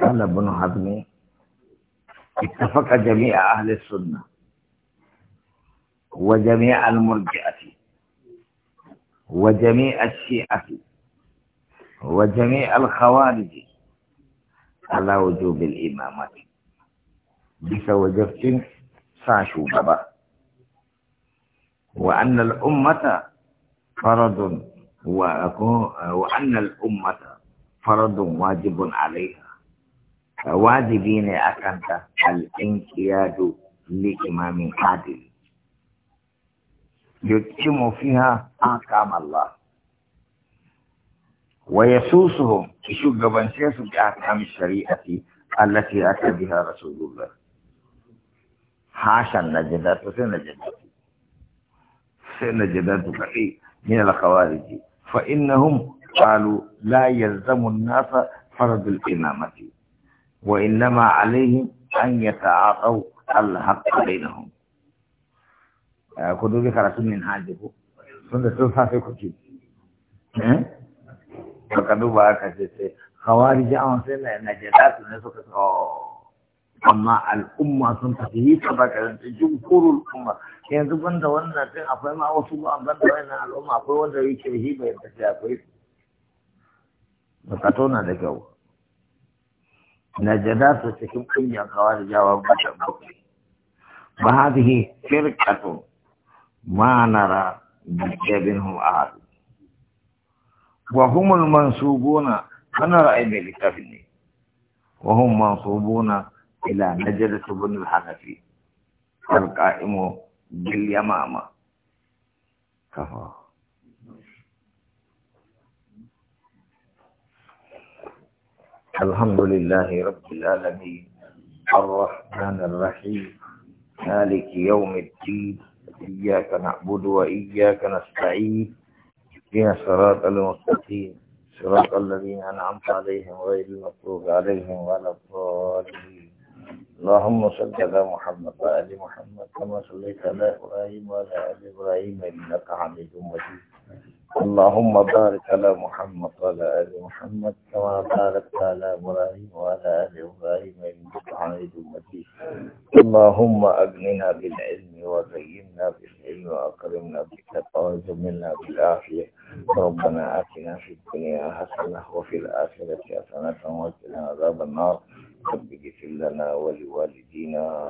قال ابن حزم اتفق جميع أهل السنة وجميع المرجئة وجميع الشيعة وجميع الخوارج على وجوب الإمامة وجبت ساشو بابا وأن الأمة فرض وأن الأمة فرض واجب عليها wajibi ne a kanta al'inkiyadu li imamin adil yukimu fiha akam Allah wa yasusuhum shugabance su bi akam shari'ati allati ata biha rasulullah hashan najdatu sai najdatu sai najdatu kafi min al-khawarij fa innahum qalu la yalzamu an-nasa farad al-imamati Wa innama alaihin anyatta a ɗau Allah haɗu ɗai nuhu. Ko duke karatun yin hajifu, ko ɗauke karatun yin hajifu, ko son ɗauke karatun ce, saka wari jan on saina yana je tasin, saka saka aiki, amma al'umma sun tafi hiƙa ba ka yanta jimfurin. Yanzu ban da wannan ake yi a wasu ba, ban da wannan a kuma a kai wanda ya yi kebe hiƙa yadda ta ya koi. نجدات تكون كل الخوارج وهذه شركة ما نرى بجبنهم آل وهم المنصوبون أنا رأي ذلك وهم منصوبون إلى نجدة بن الحنفي القائم باليمامة كفو الحمد لله رب العالمين الرحمن الرحيم مالك يوم الدين إياك نعبد وإياك نستعين اهدنا الصراط المستقيم صراط الذين أنعمت عليهم غير المغضوب عليهم ولا الضالين اللهم صل على محمد وآل محمد كما صليت على إبراهيم وعلى آل إبراهيم إنك حميد مجيد اللهم بارك على محمد وعلى آل محمد كما باركت على إبراهيم وعلى آل إبراهيم إنك حميد مجيد اللهم أغننا بالعلم وزينا بالعلم وأكرمنا بالتقوى وجملنا بالعافية ربنا آتنا في الدنيا حسنة وفي الآخرة حسنة وقنا عذاب النار رب اغفر لنا ولوالدينا